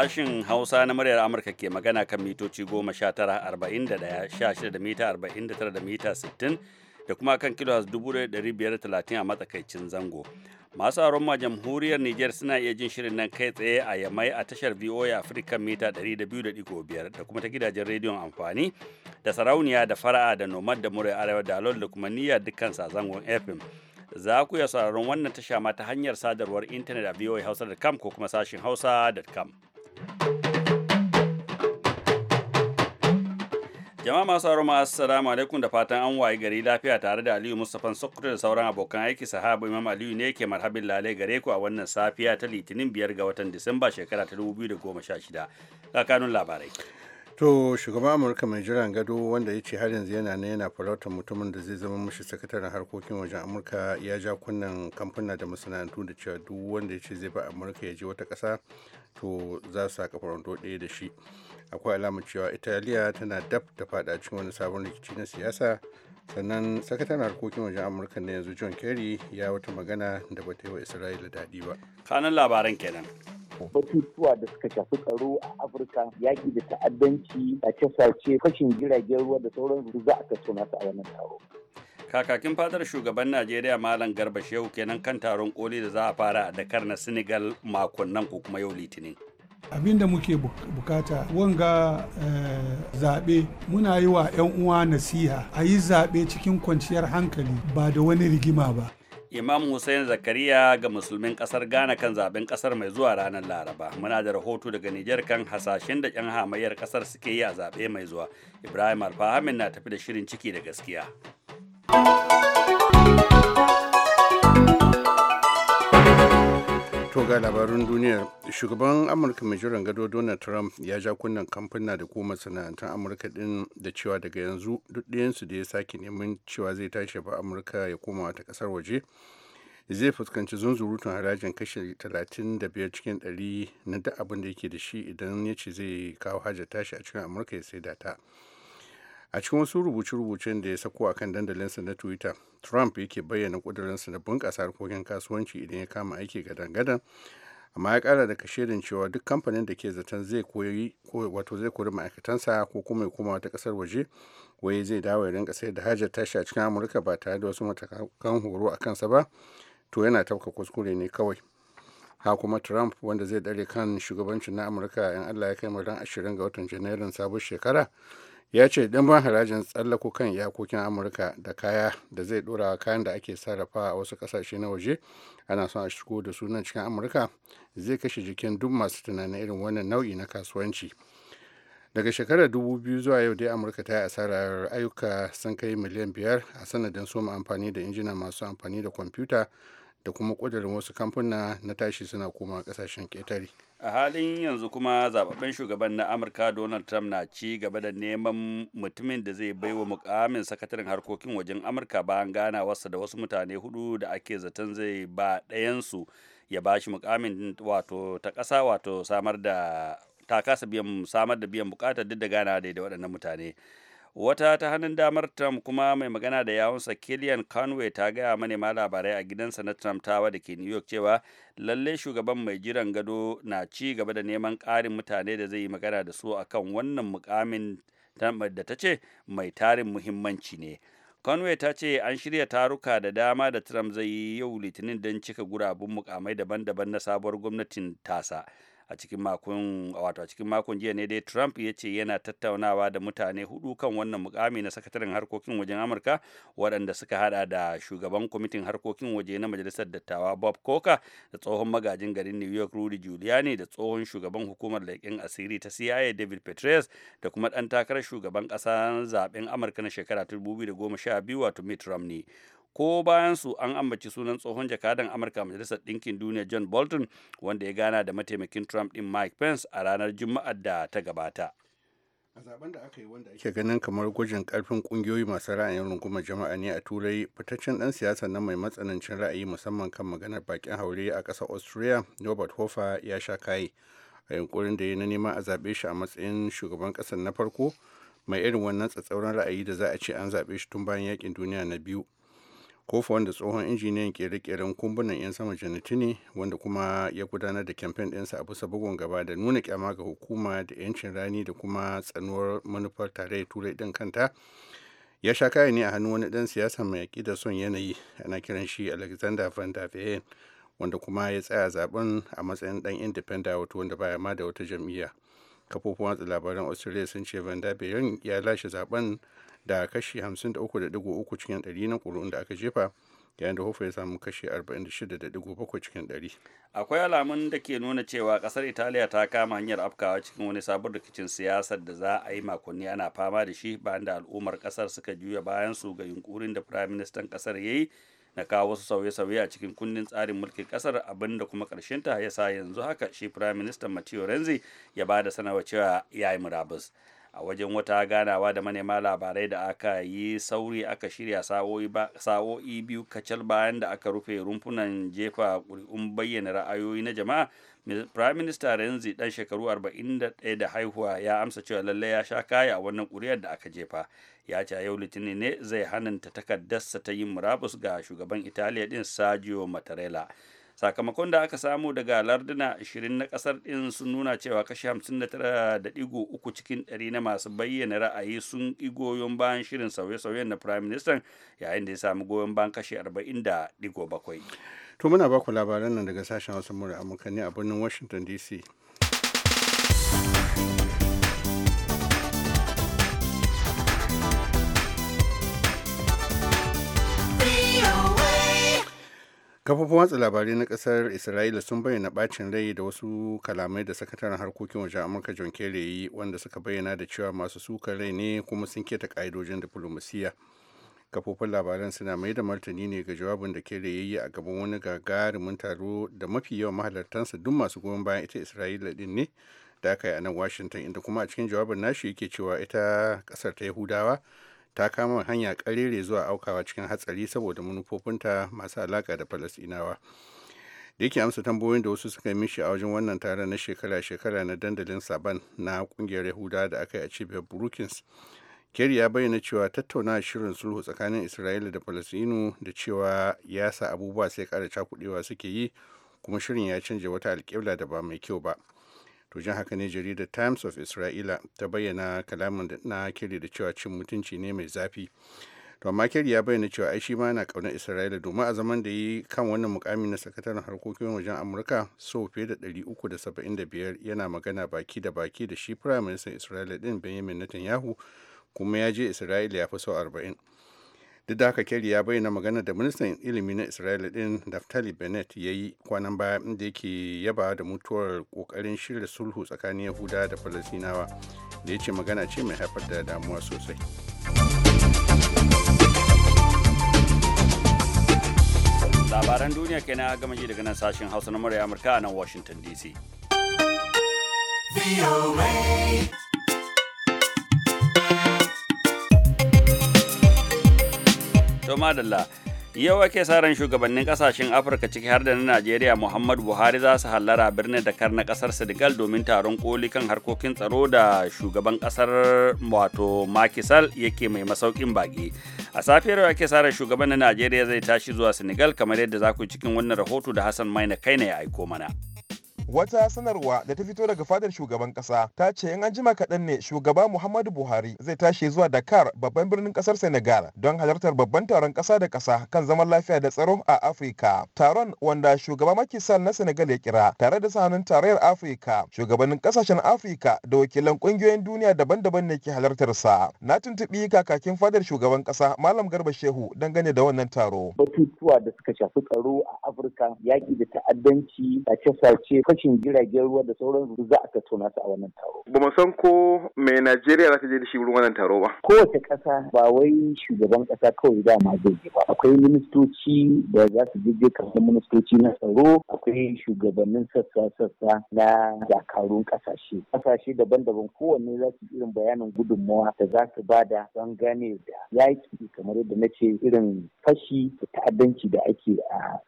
Sashin Hausa na muryar Amurka ke magana kan mitoci 19 16 da mita 49 da mita 60 da kuma kan kilo 1530 a matsakaicin zango. Masu aron ma jamhuriyar Nijar suna iya jin shirin nan kai tsaye a yamai a tashar VOA Africa mita 200.5 da kuma ta gidajen rediyon amfani da sarauniya da fara'a da nomad da murai arewa da da kuma niyya dukkan zangon FM. Za ku iya sauraron wannan tasha ma ta hanyar sadarwar intanet a voahausa.com ko kuma sashin hausa.com. Jama'a masu aroma assalamu alaikum da fatan an wayi gari lafiya tare da Aliyu Mustapha Sokoto da sauran abokan aiki sahabu Imam Aliyu ne ke marhabin lalai gare ku a wannan safiya ta Litinin biyar ga watan Disamba shekara ta da goma sha 2016. Kakanun labarai. to shugaban amurka mai jiran gado wanda ya ce har yanzu yana na yana farautar mutumin da zai zama mashi sakataren harkokin wajen amurka ya ja kunnen kamfuna da masana'antu da cewa duk wanda ya ce zai ba amurka ya je wata ƙasa to za su saka faranto ɗaya da shi akwai alamar cewa italiya tana dab da faɗa cikin wani sabon rikici na siyasa sannan sakataren harkokin wajen amurka na yanzu john kerry ya wata magana da bata yi wa isra'ila daɗi ba kanan labaran kenan batutuwa da suka shafi tsaro a afirka yaki da ta'addanci a sace fashin jiragen ruwa da sauran su za a suna su a wannan taro kakakin fadar shugaban najeriya malam garba shehu kenan kan taron koli da za a fara a dakar na senegal makon nan ko kuma yau litinin abin da muke bukata wanga eh, zaɓe muna yi wa 'yan uwa nasiha a yi zaɓe cikin kwanciyar hankali ba da wani rigima ba Imam Hussein Zakariya ga musulmin kasar Ghana kan zaben ƙasar mai zuwa ranar Laraba. Muna da rahoto daga Nijar kan hasashen da 'yan hamayyar kasar suke yi a zaɓe mai zuwa. Ibrahim Alfahamin na tafi da shirin ciki da gaskiya. to ga labarun duniya shugaban amurka mai jiran gado donald trump ya ja kunnen kamfuna da kuma masana'antar amurka din da cewa daga yanzu duk ɗayansu da ya sake neman cewa zai tashi ba amurka ya koma wata kasar waje zai fuskanci zunzurutun harajin kashe 35 cikin 100 na duk abin da yake da shi idan ya ce zai kawo hajar tashi a cikin amurka ya sai da ta a cikin wasu rubuce-rubucen da ya sako a kan dandalinsa na twitter trump yake bayyana ƙudurinsa na bunƙasa harkokin kasuwanci idan ya kama aiki gadan-gadan amma ya kara da kashedin cewa duk kamfanin da ke zaton zai koyi wato zai kori ma'aikatansa ko kuma ya koma wata kasar waje waye zai dawo ya rinka sayar da hajar tashi a cikin amurka ba tare da wasu matakan horo a kansa ba to yana tafka kuskure ne kawai ha kuma trump wanda zai dare kan shugabancin na amurka yan allah ya kai ran ashirin ga watan janairun sabon shekara ya ce ɗimbin harajin tsallako kan iyakokin amurka da kaya da zai ɗora kayan da ake sarrafa a wasu ƙasashe na waje ana son a shigo da sunan cikin amurka zai kashe jikin duk masu tunanin irin wannan nau'i na kasuwanci daga shekarar 2000 zuwa yau dai amurka ta yi asarar ayyuka sun kai miliyan biyar a sanadin soma amfani da injina masu amfani da kwamfuta da kuma ƙudurin wasu kamfuna na tashi suna koma ƙasashen ƙetare a halin yanzu kuma zababben shugaban na amurka donald trump na ci gaba da neman mutumin da zai baiwa mukamin sakataren harkokin wajen amurka bayan wasa da wasu mutane hudu da ake zaton zai ba ɗayansu ya bashi mukamin wato ta ƙasa wato samar da ta kasa biyan samar da biyan bukatar duk da gana da waɗannan mutane wata ta hannun damar trump kuma mai magana da yawunsa killian conway ta gaya manema labarai a gidansa na trump tawa da ke new york cewa lalle shugaban mai jiran gado na ci gaba da neman karin mutane da zai yi magana da su akan wannan mukamin da ta ce mai tarin muhimmanci ne conway ta ce an shirya taruka da dama da trump zai yi yau litinin don cika gurabun mukamai daban-daban na sabuwar gwamnatin tasa a cikin makon wato a cikin makon jiya ne dai Trump ya ce yana tattaunawa da mutane hudu kan wannan mukami na sakataren harkokin wajen Amurka waɗanda suka hada da shugaban kwamitin harkokin waje na majalisar dattawa Bob Coker da tsohon magajin garin New York Rudy Giuliani da tsohon shugaban hukumar leƙen asiri ta CIA David Petraeus da kuma ɗan takarar shugaban ƙasa zaben Amurka na shekara 2012 wato Mitt Romney ko bayan su an ambaci sunan tsohon jakadan amurka majalisar ɗinkin duniya john bolton wanda ya gana da mataimakin trump din mike pence a ranar juma'a da ta gabata a zaben da aka yi wanda ake ganin kamar gwajin karfin kungiyoyi masu ra'ayin rungumar jama'a ne a turai fitaccen dan siyasa na mai matsanancin ra'ayi musamman kan maganar bakin haure a ƙasar austria robert hofer ya sha kayi a yunkurin da ya na neman a zaɓe shi a matsayin shugaban ƙasar na farko mai irin wannan tsatsauran ra'ayi da za a ce an zaɓe shi tun bayan yakin duniya na biyu kofa wanda tsohon injiniyan kere-keren kumbunan 'yan sama janitini wanda kuma ya gudanar da kamfen ɗinsa a bisa bugun gaba da nuna kyama ga hukuma da 'yancin rani da kuma tsanuwar manufar tare turai din kanta ya sha kaya ne a hannu wani dan siyasa mai yaƙi da son yanayi ana kiran shi alexander van der wanda kuma ya tsaya zaben a matsayin ɗan independent wato wanda baya ma da wata jam'iyya kafofin watsa labaran australia sun ce van der ya lashe zaben da kashi 53.3 cikin 100 na ƙuri'un da aka jefa yayin da hofa ya samu kashi 46.7 cikin 100 akwai alamun da ke nuna cewa kasar italiya ta kama hanyar afkawa cikin wani sabon rikicin siyasar da za a yi makonni ana fama da shi bayan da al'ummar kasar suka juya bayan su ga yunkurin da firayim ministan kasar ya yi na kawo wasu sauye-sauye a cikin kundin tsarin mulkin kasar abinda kuma ta ya sa yanzu haka shi firayim ministan matteo renzi ya ba da sanarwa cewa ya yi murabus a wajen wata ganawa da manema labarai da aka yi sauri aka shirya sa'o'i biyu kacal bayan da aka rufe rumfunan jefa ƙuri'un bayyana ra'ayoyi na jama'a prime minister renzi dan shekaru 41 da haihuwa ya amsa cewa lallai ya sha kaya a wannan ƙuri'ar da aka jefa ya ce yau litinin ne zai hananta takardarsa ta yin murabus ga shugaban italiya din sajio mattarella sakamakon da aka samu daga larduna 20 na kasar din sun nuna cewa kashi 59.3 cikin 100 na masu bayyana ra'ayi sun ƙi goyon bayan shirin sauye-sauyen na prime minister yayin da ya samu goyon bayan kashi 40.7 to muna baku labaran nan daga sashen wasu mura amurka ne a birnin washington dc kafofin watsa labarai na kasar isra'ila sun bayyana bacin rai da wasu kalamai da sakataren harkokin wajen amurka john kerry yi wanda suka bayyana da cewa masu sukar rai ne kuma sun keta ka'idojin diflomasiyya kafofin labaran suna mai da martani ne ga jawabin da kerry yi a gaban wani gagarumin taro da mafi yawan mahalartansa duk masu goyon bayan ita isra'ila din ne da aka yi a nan washington inda kuma a cikin jawabin nashi yake cewa ita kasar ta yahudawa ta kama hanya karere zuwa aukawa cikin hatsari saboda manufofinta masu alaka da falasinawa da yake amsa tambayoyin da wasu suka mishi a wajen wannan taron na shekara-shekara na dandalin saban na kungiyar yahuda da aka yi a cibiyar brookings kerry ya bayyana cewa tattauna shirin sulhu tsakanin isra'ila da falasinu da cewa ya sa abubuwa sai kara cakudewa suke yi kuma shirin ya canja wata alƙibla da ba mai kyau ba to jin haka ne jaridar times of isra'ila ta bayyana kalamin na kiri da cewa cin mutunci ne mai zafi to amma kiri ya bayyana cewa ai shi ma yana kaunar isra'ila domin a zaman da yi kan wannan mukami na sakataren harkokin wajen amurka so fiye da 375 yana magana baki da baki da shi firayim ministan isra'ila din benjamin netanyahu kuma ya je isra'ila ya fi sau 40 duk da haka kerry ya bayyana magana da ministan ilimi na isra'ila din naftali bennett ya yi kwanan baya da yake yaba da mutuwar kokarin shirya sulhu tsakanin yahuda da falasinawa da ya ce magana ce mai haifar da damuwa sosai labaran duniya kenan gama ji daga nan sashen hausa na murya amurka nan washington dc To madalla. Yau ake sa ran shugabannin kasashen Afirka ciki har da na Najeriya Muhammadu Buhari za su hallara birnin Dakar na kasar Senegal domin taron koli kan harkokin tsaro da shugaban kasar wato Makisal yake mai masaukin baki. A safiyar yau ake sa ran shugaban na Najeriya zai tashi zuwa Senegal kamar yadda za ku cikin wannan rahoto da Hassan Maina kai ne ya aiko mana. wata sanarwa da ta fito daga fadar shugaban kasa ta ce in an jima kaɗan ne shugaba muhammadu buhari zai tashi zuwa dakar babban birnin kasar senegal don halartar babban taron kasa da kasa kan zaman lafiya da tsaro a afirka taron wanda shugaba makisal na senegal ya kira tare da sanin tarayyar afirka shugabannin kasashen afirka da wakilan kungiyoyin duniya daban-daban ne ke halartar sa na tuntuɓi kakakin fadar shugaban kasa malam garba shehu dangane da wannan taro batutuwa da suka shafi tsaro a afirka yaki da ta'addanci a ce rashin jiragen ruwa da sauran su za a tona su a wannan taro. Ba mu san ko mai Najeriya za ta je da shi wurin wannan taro ba. Kowace ƙasa ba wai shugaban ƙasa kawai dama zai je ba. Akwai ministoci da za su je kamar ministoci na tsaro, akwai shugabannin sassa-sassa na dakarun ƙasashe. Ƙasashe daban-daban kowanne za su irin bayanin gudunmawa da za su bada don gane da yaƙi kamar yadda na ce irin fashi da ta'addanci da ake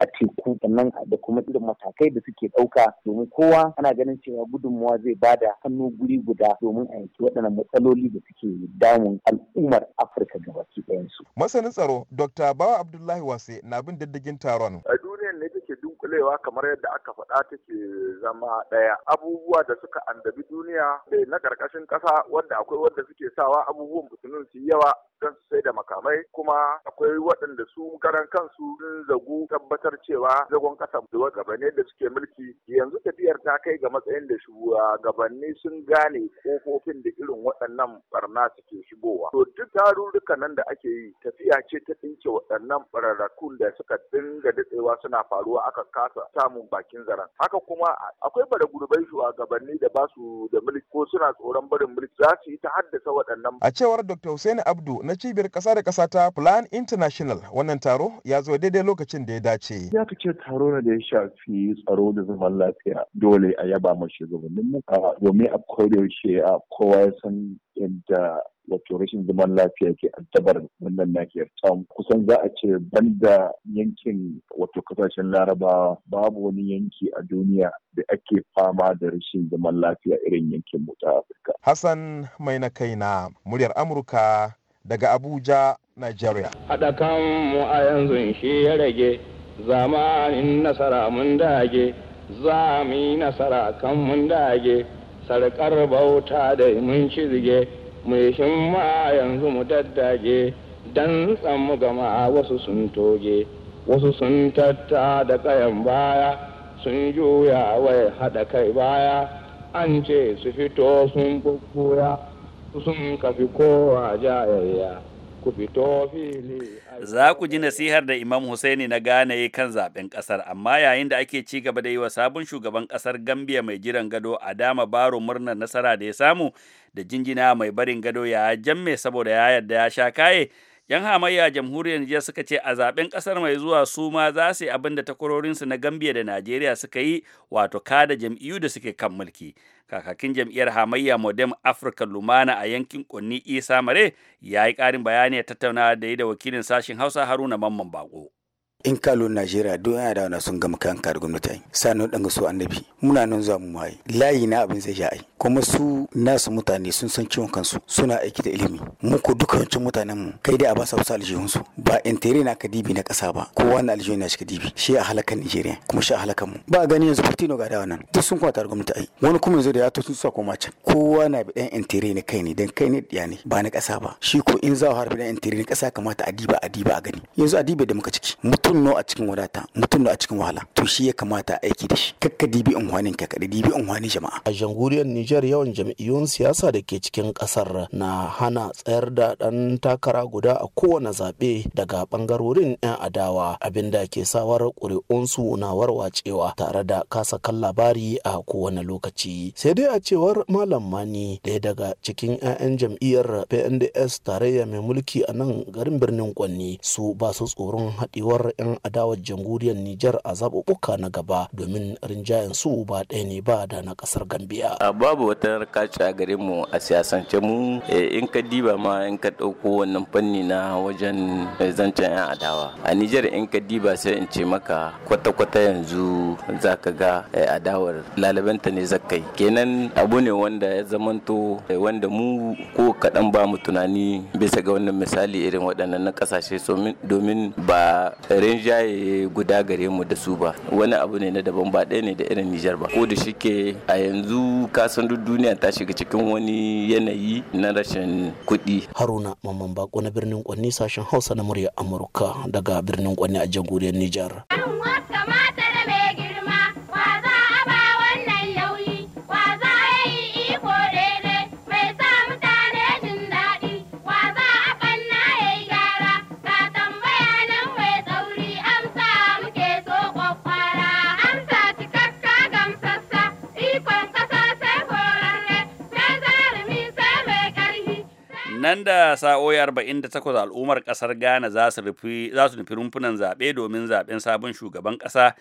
a teku sannan da kuma irin matakai da suke ɗauka domin kowa ana ganin cewa gudunmuwa zai ba da hannu guri guda domin a yanki waɗannan matsaloli da suke damun al'ummar afirka gabaki ɗayansu. masanin tsaro dr bawa abdullahi wase na bin diddigin taron. a duniyar ne take duk dunkulewa kamar yadda aka faɗa take zama ɗaya abubuwa da suka andabi duniya na ƙarƙashin ƙasa wanda akwai wanda suke sawa abubuwan fitinin su yawa don su sai da makamai kuma akwai waɗanda su karan kansu sun zagu tabbatar cewa zagon ƙasa da gabanin da suke mulki yanzu tafiyar ta kai ga matsayin da shugabanni sun gane kofofin da irin waɗannan barna suke shigowa to duk tarurruka nan da ake yi tafiya ce ta ɗinke waɗannan bararrakun da suka dinga daɗewa suna faruwa aka kasa samun bakin zaren haka kuma akwai bara gurbai shugabanni da ba su da mulki ko suna tsoron barin mulki za su yi ta haddasa waɗannan a cewar dr hussein abdu na cibiyar ƙasa da ƙasa ta plan international wannan taro ya zo daidai lokacin da ya dace ya kace taro ne da ya shafi tsaro da zaman lafiya dole a yaba ma shugabannin mu domin a koda a kowa ya san yadda wato rashin zaman lafiya ke addabar wannan nahiyar tom kusan za a ce banda yankin wato kasashen larabawa babu wani yanki a duniya da ake fama da rashin zaman lafiya irin yankin mu ta afirka hassan mai na kaina muryar amurka daga abuja nigeria haɗa kanmu mu a yanzu shi ya rage zamanin nasara mun dage za mu yi nasara kan mun dage sarƙar bauta da mun shirge mai himma yanzu mu daddage don tsammu gama wasu sun toge wasu sun tatta da kayan baya sun juya wai haɗa kai baya an ce su fito sun bubbuya sun kafi kowa jayayya ku Za ku ji nasihar da Imam Hussaini na gane kan zaben kasar, amma yayin da ake ci gaba da yi wa sabon shugaban kasar Gambia mai jiran gado a dama baro murnar nasara da ya samu da jinjina mai barin gado ya jamme saboda ya yarda ya sha kaye. yan hamayya jamhuriyar Nijar suka ce a zaben kasar mai zuwa su ma za su yi abin da takwarorinsu na Gambia da Najeriya suka yi wato kada jam'iyyu da suke kan mulki kakakin jam'iyyar hamayya Modem Africa Lumana a yankin Kunni Isa Mare ya yi ƙarin bayani ya tattauna da yi da wakilin sashen Hausa Haruna Mamman Bako in ka lo najeriya don yana da wani sun gama kayan kare gwamnati sanin ɗan su annabi muna nan za mu waye layi na abin zai sha'ai kuma su nasu mutane sun san ciwon kansu suna aiki da ilimi mu ku duka dukkancin mutanen mu kai dai a ba su aljihun su ba intere na kadibi na ƙasa ba ko wani aljihun na shi kadibi shi a halakan najeriya kuma shi a halakan mu ba gani yanzu fitino ga dawa nan duk sun kwata gwamnati ai wani kuma yanzu da ya to sun sa koma can kowa na bi dan intere ne kai ne dan kai ne ya ne ba na ƙasa ba shi ko in za a harbi dan intere ne ƙasa kamata a diba a diba a gani yanzu a diba da muka ciki mutu mutum a cikin wadata mutum a cikin wahala to shi ya kamata aiki da shi kakka dibi unhwanin ka kada dibi unhwanin jama'a a jamhuriyar Nijar yawan jam'iyyun siyasa da ke cikin kasar na hana tsayar da dan takara guda a kowane zabe daga bangarorin yan adawa abinda ke sawar ƙuri'unsu na warwacewa tare da kasa kan labari a kowane lokaci sai dai a cewar malam mani daya daga cikin 'ya'yan jam'iyyar PNDS tarayya mai mulki a nan garin birnin Kwanni su ba su tsoron haɗewar 'yan adawar jamhuriyar Nijar a zaɓuɓɓuka na gaba domin rinjayen su ba ɗaya ne ba da na ƙasar Gambiya. Babu wata rikaci a gare mu a siyasance mu e, in ka diba ma in ka ɗauko wannan fanni na wajen zancen 'yan adawa. A Nijar in ka diba sai in ce maka kwata-kwata yanzu za ka ga e, adawar lalabanta ne zakai. Kenan abu ne wanda ya zamanto e, wanda mu ko kaɗan ba mu tunani bisa ga wannan misali irin waɗannan na ƙasashe domin ba rinjaye guda gare mu da su ba wani abu ne na daban ba ɗaya ne da irin Nijar ba ko da shike a yanzu kasan duk duniya ta shiga cikin wani yanayi na rashin kuɗi. Haruna Mamman Bako na birnin Kwanni sashen Hausa na murya Amurka daga birnin Kwanni a jamhuriyar Nijar. da sa'o'i 48 al'ummar ƙasar Ghana za su nufi rumfunan zaɓe domin zaɓen sabon shugaban ƙasa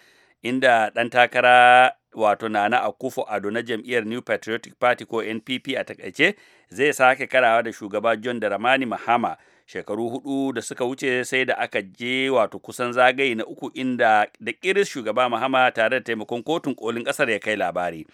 inda ɗan takara wato Nana Akufo Ado na jam'iyyar New Patriotic Party ko NPP a takaice zai sake karawa da shugaba John da ramani Mahama shekaru hudu da suka wuce sai da aka je wato kusan zagaye na uku inda da kiris shugaba Mahama tare da taimakon kotun kolin ƙasar ya kai labari.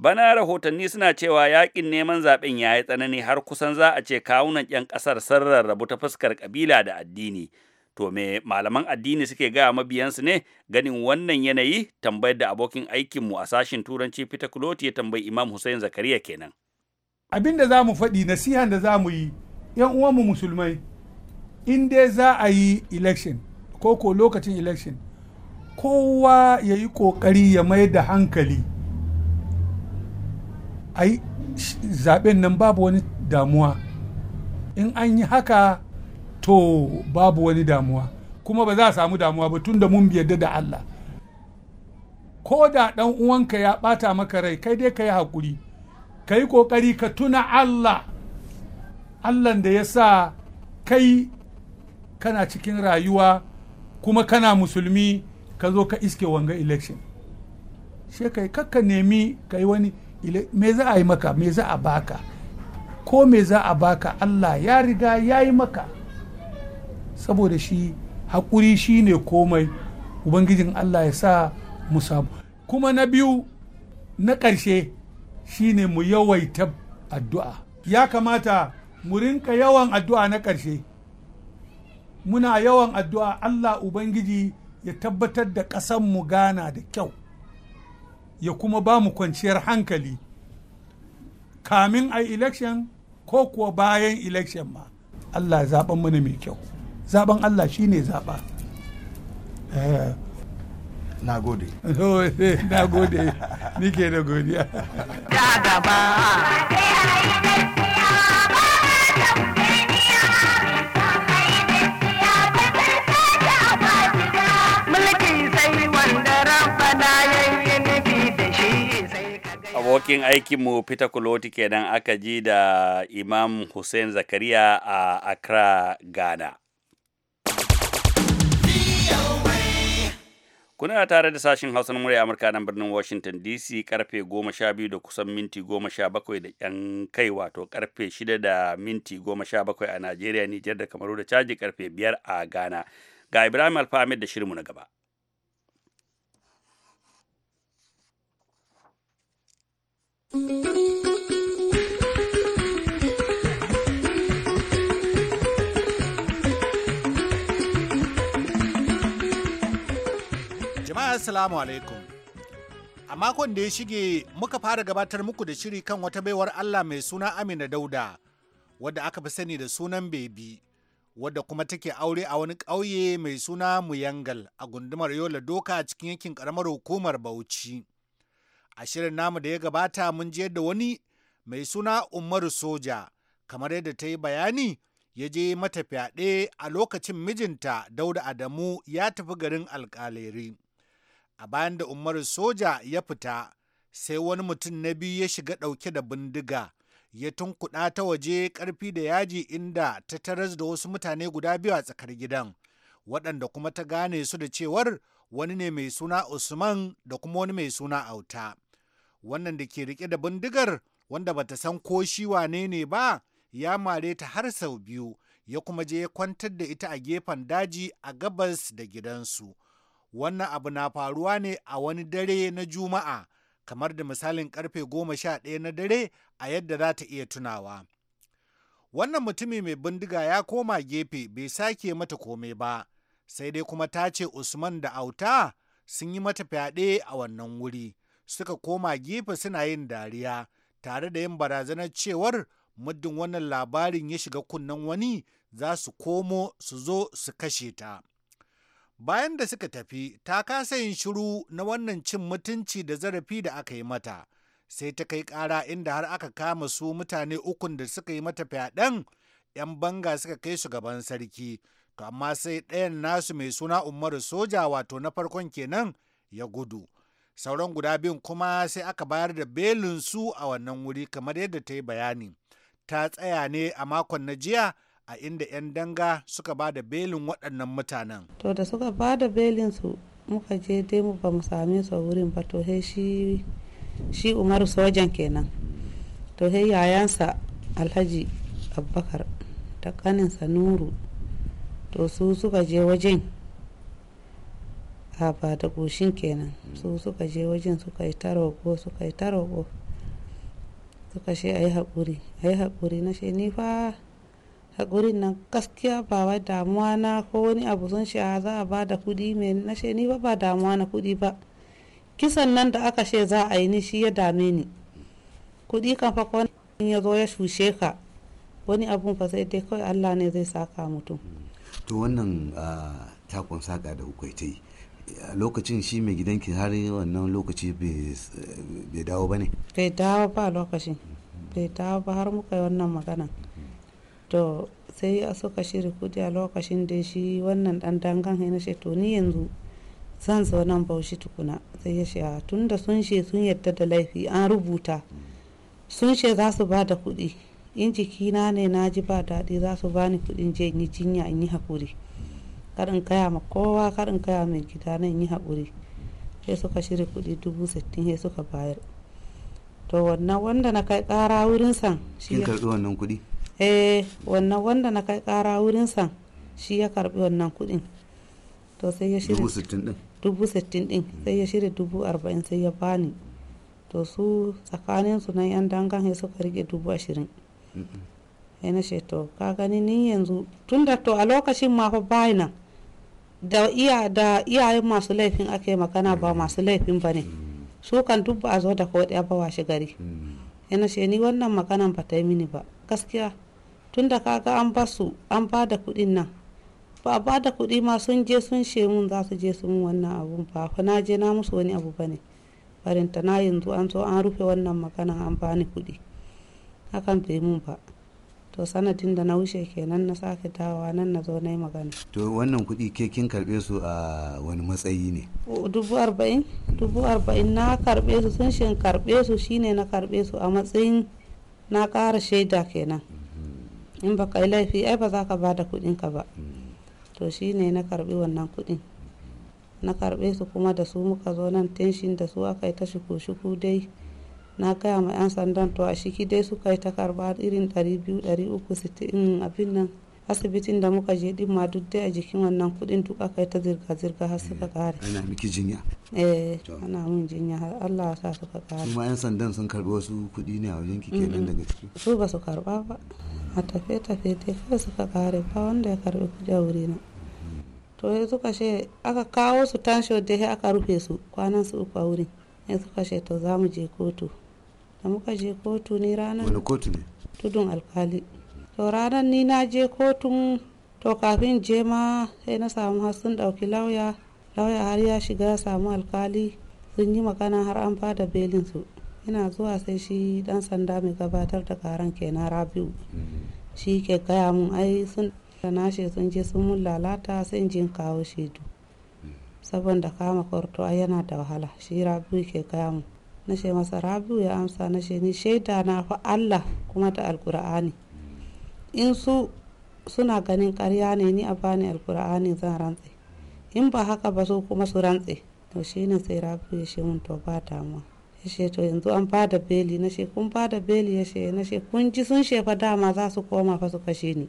bana rahotanni suna cewa yakin neman zaben ya yi tsanani har kusan za a ce kawunan 'yan ƙasar sun rarrabu ta fuskar kabila da addini to me malaman addini suke gaya mabiyansu ne ganin wannan yanayi tambayar da abokin aikinmu a sashen turanci peter kuloti ya tambayi imam hussein zakariya kenan abin da za mu faɗi nasihan da za mu yi yan uwanmu musulmai in dai za a yi election ko ko lokacin election kowa ya yi ƙoƙari ya mai da hankali ai zaben nan babu wani damuwa in an yi haka to babu wani damuwa kuma ba za a samu damuwa ba tunda da mun yarda da Allah ko da ɗan uwanka ya ɓata maka rai kai dai ka hakuri kai ka ka tuna Allah Allah da ya sa kai kana cikin rayuwa kuma kana musulmi ka zo ka iske wanga election shekai kakka nemi ka yi wani me za a yi maka me za a baka ko me za a baka Allah ya riga ya yi maka saboda shi haƙuri shi ne komai ubangijin Allah ya sa mu samu kuma na biyu na ƙarshe shi ne mu yawaita addu'a ya kamata mu rinka yawan addu'a na ƙarshe muna yawan addu'a Allah Ubangiji ya tabbatar da ƙasan mu gana da kyau ya kuma ba mu kwanciyar hankali kamin a election ko kuwa bayan election ma allah zaben mana mai kyau zaben allah shi ne zaɓa eh. na gode na gode nike da godiya abokin aikinmu Peter Kuloti kenan aka ji da Imam Hussein Zakariya a Accra, Ghana. Kuna tare da sashen Hausa na murya Amurka nan birnin Washington DC karfe 12 da kusan minti 17 da yan kai wato karfe 6 da minti 17 a Najeriya, Nijar da Kamaru da caji karfe 5 a Ghana. Ga Ibrahim Alfahamid da shirinmu na gaba. Jama'a Assalamu alaikum. A makon da ya shige muka fara gabatar muku da shiri kan wata baiwar Allah mai suna Amina Dauda, wadda aka fi sani da sunan Bebi, wadda kuma take aure a wani ƙauye mai suna Muyangal a gundumar Yola Doka cikin yankin ƙaramar hukumar Bauchi. A shirin namu da ya gabata mun je da wani mai suna Umaru Soja, kamar yadda ta yi bayani ya je mata fyaɗe a lokacin mijinta Dauda Adamu ya tafi garin alƙaleri. A bayan da Umaru Soja ya fita, sai wani mutum na biyu ya shiga ɗauke da bindiga. ya tunkuɗa ta waje ƙarfi da yaji inda ta taras da wasu mutane guda biyu a tsakar gidan waɗanda kuma ta gane su da cewar wani ne mai suna Usman da kuma wani mai suna Auta. Wannan da ke rike da bindigar wanda bata san ko shi wane ne ba ya mare ta har sau biyu ya kuma je ya kwantar da ita a gefen daji a gabas da gidansu. Wannan abu na faruwa ne a wani dare na Juma'a kamar da misalin karfe goma sha ɗaya na dare a yadda za ta iya tunawa. Wannan mutumi mai bindiga ya koma gefe bai sake mata komai ba. sai dai kuma ta ce Usman da Auta sun yi mata fyaɗe a wannan wuri, suka koma gefe suna yin dariya tare da yin barazanar cewar muddin wannan labarin ya shiga kunnen wani za su komo su zo su kashe ta. Bayan da suka tafi, ta kasa yin shiru na wannan cin mutunci da zarafi da aka yi mata, sai ta kai kara inda har aka kama su mutane ukun da suka yi mata fyaɗen, ‘yan banga suka kai su gaban sarki. to amma sai ɗayan nasu mai suna umaru soja wato na farkon kenan ya gudu sauran guda biyun kuma sai aka bayar da belin su a wannan wuri kamar yadda ta yi bayani ta tsaya ne a makon na jiya a inda 'yan danga suka ba da belin waɗannan mutanen to da suka ba da belinsu muka je dai mu ba mu same su wurin ba to he shi umaru sojan kenan to he yayansa alhaji abubakar da kanin sanuru. to su suka je wajen a ba da goshin kenan su suka je wajen suka yi taroko suka yi taroko suka shi a yi haƙuri a yi haƙuri na shi ni fa haƙurin nan gaskiya ba wai damuwa na ko wani abu sun ce a za a ba da kuɗi mai na shi ni ba ba damuwa na kuɗi ba kisan nan da aka shi za a yi ni shi ya dame ni kuɗi kan fa ko ya zo ya shushe ka wani abun fa sai dai kawai allah ne zai saka mutum to wannan takon saka da kuka ta lokacin shi mai gidanki har wannan lokaci bai dawo ba ne bai dawo ba lokacin bai dawo ba har muka yi wannan magana to sai a suka shiri kudi a lokacin da shi wannan dan dangan na ce to ni yanzu zan zo nan baushi tukuna sai ya shiga tun da sun ce sun yadda da laifi an rubuta sun zasu za su ba da kuɗi in jikina ne na ji ba daɗi za su bani kuɗin je in yi jinya in yi haƙuri kar kaya ma kowa kar kaya mai gida na in yi haƙuri sai suka shirya kuɗi dubu sittin sai suka bayar to wannan wanda na kai ƙara wurin san shi ya karɓi wannan kuɗi eh wannan wanda na kai ƙara wurin san shi ya karɓi wannan kuɗin to sai ya shirya dubu sittin ɗin dubu sittin ɗin sai ya shirya dubu arba'in sai ya bani to su tsakaninsu nan yan dangan sai suka rike dubu ashirin yana to ka gani ni yanzu tun da to a lokacin ma fa da iya da iyayen masu laifin ake magana ba masu laifin ba ne su kan duk ba a zo da ko ɗaya ba washe gari yana na ce ni wannan maganan ba ta yi mini ba gaskiya tun da ga an basu an ba da kuɗin nan ba ba da kuɗi ma sun je sun she mun za su je sun wannan abun ba fa na je na musu wani abu ba ne barinta na yanzu an zo an rufe wannan maganan an bani kuɗi hakan bai mun ba to sanadin da na wuce kenan na sake tawa nan na zo na yi magana to wannan kuɗi ke kin karɓe su a wani matsayi ne dubu arba'in dubu arba'in na karɓe su sun shi karɓe su shine na karɓe su a matsayin na ƙara shaida kenan mhm. in baka yi laifi ai ba za ka ba da kuɗinka ba mhm. to shine na karɓi wannan kuɗin mhm. na karɓe su kuma da su muka zo nan tenshin da su aka yi ta shuku-shuku dai na gaya ma 'yan sandan to a shiki dai suka yi ta karba irin 200-360 abin nan asibitin da muka je din ma duk dai a jikin wannan kudin duk aka yi ta zirga-zirga har suka kare eh, ana miki jinya eh ana mun jinya har Allah ya sa suka kare kuma yan sandan sun karbi wasu kudi ne a wajen ki kenan daga ciki su ba su karba ba a tafe tafe dai kai suka kare ba wanda ya karbi kudi a wuri na mm-hmm. to yanzu ka she aka kawo su tansho dai aka rufe su kwanan su uku a wurin in suka ce to za mu je kotu da muka je kotu ni ranar wani kotu ne tudun alkali to ranar ni na je kotun to kafin je ma sai na samu har sun ɗauki lauya lauya har ya shiga samu alkali sun yi magana har an bada belin su ina zuwa sai shi dan sanda mai gabatar da karan kenan rabiu mm-hmm. shi ke gaya mun ai sun da nashe sun je sun mun lalata sai in kawo shaidu saboda kama kwartuwa yana da wahala shi rabiu ke kaya mu na ce masa rabiu ya amsa na ce ni shaida na fa allah kuma da alkur'ani in su suna ganin karya ne ni a bani alkur'ani zan rantse in ba haka ba su kuma su rantse to shi ne sai rabiu ya ce mun to ba damuwa ya ce to yanzu an ba da beli na ce kun ba da beli ya ce na ce kun ji sun shefa dama za su koma fa su kashe ni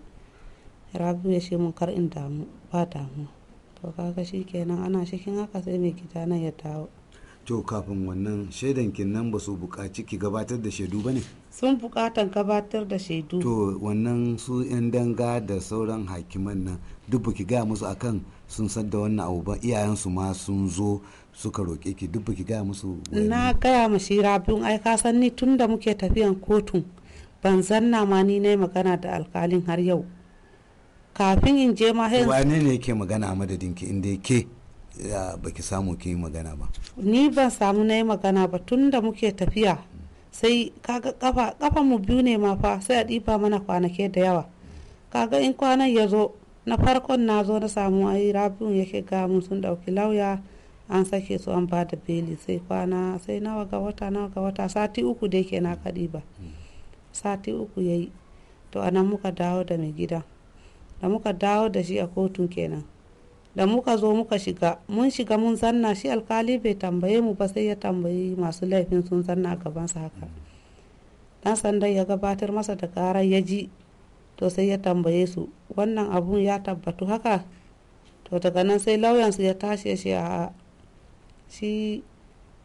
rabiu ya ce mun kar in damu ba damuwa to kaga kenan ana cikin haka sai mai gida nan ya dawo to kafin wannan shaidan kinnan ba su buƙaci ki gabatar da shaidu ba ne sun buƙatan gabatar da shaidu to wannan su 'yan danga da sauran hakiman nan duk ba ki gaya musu akan sun san da wannan abu ba iyayensu ma sun zo suka roƙe ki duk ba ki gaya musu na gaya ma shi rabin ai ka san ni tun muke tafiyan kotun ban zanna ma ni na magana da alkalin har yau kafin in je ma sai wane ne yake magana a madadin ki inda ke baki samu ki magana ba ni ban samu na yi magana ba tun da muke tafiya sai kaga kafa kafa mu biyu ne ma fa sai a ɗiba mana kwanake da yawa kaga in kwanan ya zo na farkon na zo na samu ai rabin yake ga mun sun dauki lauya an sake su an da beli sai kwana sai nawa ga wata nawa ga wata sati uku da yake na kaɗi ba sati uku yayi to anan muka dawo da mai gidan da muka dawo da shi a kotun kenan da muka zo muka shiga mun shiga mun zanna shi alkali bai tambaye mu ba sai ya tambayi masu laifin sun zanna a gabansa haka dan sandan ya gabatar masa da karar ya ji to sai ya tambaye su wannan abun ya tabbatu haka to daga nan sai lauyansu ya tashi shi a shi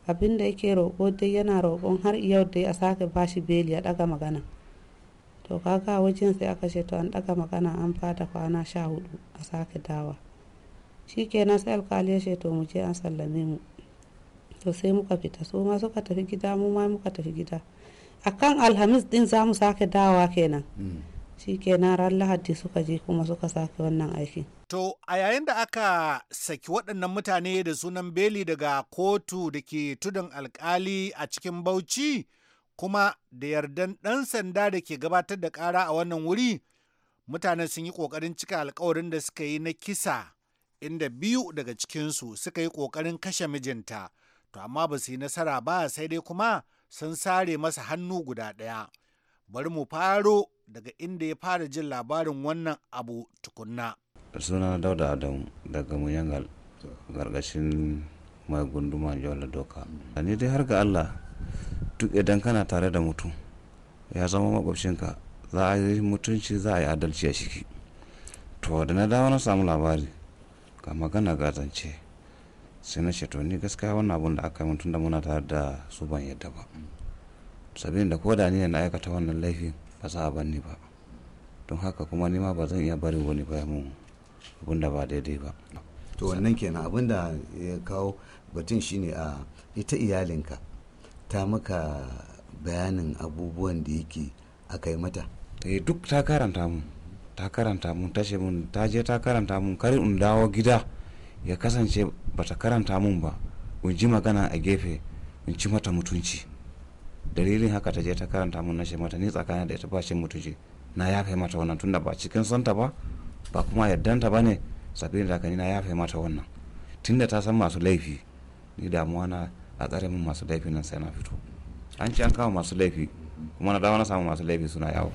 abin da yake roƙo dai yana roƙon har yau dai a sake bashi beli ya ɗaga magana to kaga wajen sai aka ce to an daga magana an fada kwana sha hudu a sake dawa shi kenan sai alkali ya ce to mu je an sallame mu to sai muka fita su ma suka tafi gida mu ma muka tafi gida akan alhamis din za mu sake dawa kenan hmm. shi kenan ran lahadi suka je kuma suka sake wannan aiki To a yayin da aka saki waɗannan mutane da sunan beli daga kotu da ke tudun alkali a cikin Bauchi kuma da yardan ɗan sanda da ke gabatar da ƙara a wannan wuri mutane sun yi ƙoƙarin cika alkawarin da suka yi na kisa inda biyu daga cikinsu suka yi ƙoƙarin kashe mijinta to amma ba su yi nasara ba sai dai kuma sun sare masa hannu guda ɗaya bari mu faro daga inda ya fara jin labarin wannan abu tukunna suna dauda adamu daga muyangal gargashin mai gunduma yola doka ni dai har ga allah duk idan kana tare da mutum ya zama makwabcinka za a yi mutunci za a yi adalci a ciki to da na dawo na samu labari ga magana ga zance sai na ce to ni gaskiya wannan abun da aka yi mutum da muna tare da su ban yadda ba sabin da koda ni ne na aikata wannan laifin ba za a ban ni ba don haka kuma ni ma ba zan iya bari wani ba mu abun da ba daidai ba to wannan kenan abun da ya kawo batun shine a ah, ita iyalinka ta maka bayanin abubuwan da yake a kai mata eh duk ta karanta mun ta karanta mun ta mun ta je ta karanta mun kar in dawo gida ya kasance bata karanta mun ba in ji magana a gefe in ci mata mutunci dalilin haka ta je ta karanta mun na ce mata ni tsakanin da ita ba shi mutunci na yafe mata wannan tunda ba cikin santa ba ba kuma yaddanta ba ne sabbin da na yafe mata wannan tunda ta san masu laifi ni damuwa na a tsare min masu laifin nan sai na fito an ci an kama masu laifi kuma na dawo na samu masu laifi suna yawo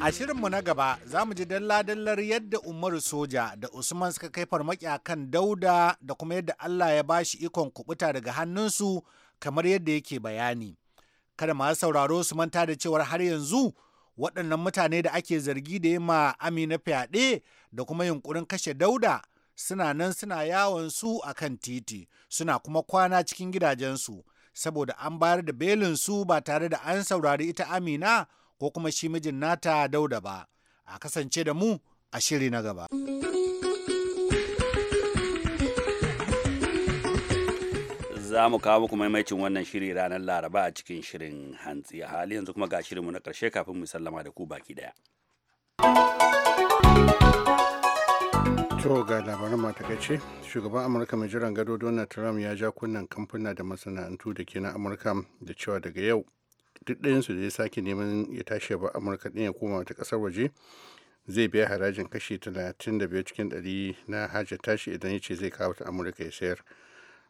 a shirinmu na gaba za mu ji dalla-dallar yadda umaru soja da usman suka kai farmaki a kan dauda da kuma yadda allah ya ba shi ikon kubuta daga hannunsu kamar yadda yake bayani kada masu sauraro su manta da cewar har yanzu waɗannan mutane da ake zargi da yi ma amina fyaɗe da kuma yunkurin kashe dauda suna nan suna yawon su a kan titi suna kuma kwana cikin gidajensu saboda an bayar da belin su ba tare da an saurari ita amina ko kuma shi mijin nata dauda ba a kasance da mu a shiri na gaba. za mu kawo muku maimacin wannan shiri ranar laraba a cikin shirin hantsi a hali yanzu kuma ga shirinmu na ƙarshe kafin mu sallama da ku baki daya. to ga labaran kace shugaban amurka mai jiran gado donald trump ya ja kunnen kamfuna da masana'antu da ke na amurka da cewa daga yau duk ɗayansu da ya sake neman ya tashi ba amurka ɗin ya koma wata ƙasar waje zai biya harajin kashi 35 cikin 100 na hajjar tashi idan ya ce zai kawo ta amurka ya sayar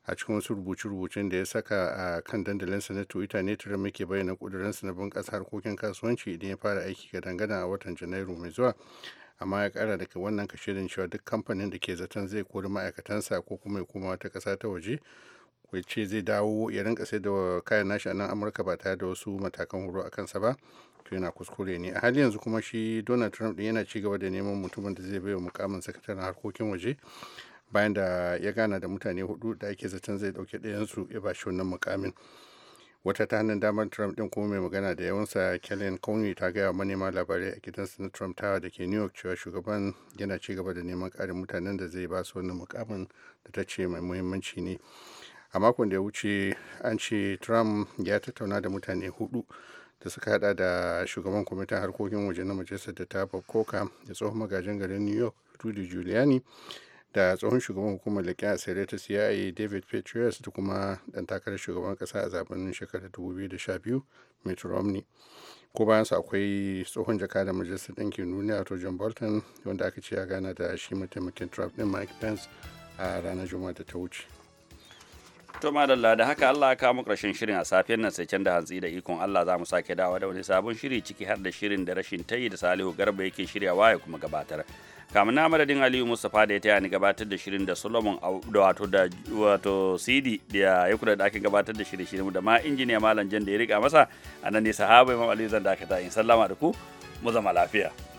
a cikin wasu rubuce-rubucen da ya saka a kan dandalinsa na twitter ne trump yake bayyana ƙudurinsa na bunƙasa harkokin kasuwanci idan ya fara aiki ga dangana a watan janairu mai zuwa amma ya kara daga wannan kashirin cewa duk kamfanin da ke zaton zai kori ma'aikatansa ko kuma ya koma wata ƙasa ta waje ce zai dawo ya rinka sai da kayan nashi a nan amurka ba tare da wasu matakan horo a kansa ba to yana kuskure ne a hali yanzu kuma shi donald trump din yana ci gaba da neman mutumin da zai bai wa mukamin sakataren harkokin waje bayan da ya gana da mutane hudu da ake zaton zai dauke ɗayansu ya ba shi wannan mukamin wata ta hannun damar trump din kuma mai magana da yawansa kellen conway ta gaya manema labarai a gidansa na trump tower da ke new york cewa shugaban yana ci gaba da neman karin mutanen da zai ba su wannan mukamin da ta ce mai muhimmanci ne a makon da ya wuce an ce trump ya tattauna da mutane hudu da suka hada da shugaban kwamitin harkokin waje na majalisar da ta koka da tsohon magajin garin new york rudy giuliani da tsohon shugaban hukumar leƙen asirai ta CIA David Petraeus da kuma ɗan takarar shugaban ƙasa a zaben shekarar 2012 Mitt Romney. Ko bayan su akwai tsohon jaka da majalisar ɗinkin duniya a John Bolton wanda aka ce ya gana da shi mataimakin Trump ɗin Mike Pence a ranar Juma'a da ta wuce. To madalla da haka Allah ka mu karshen shirin a safiyar nan sai can da hantsi da ikon Allah za mu sake dawo da wani sabon shiri ciki har da shirin da rashin tayi da Salihu Garba yake shiryawa ya kuma gabatar. kamar na madadin aliyu mustapha da ya taya ni gabatar da shirin da solomon da wato da wato cd da ya kula da ake gabatar da shirin shirin da ma injiniya malam jan da ya rika masa a nan ne sahaba imam aliyu zan dakata in sallama da ku mu zama lafiya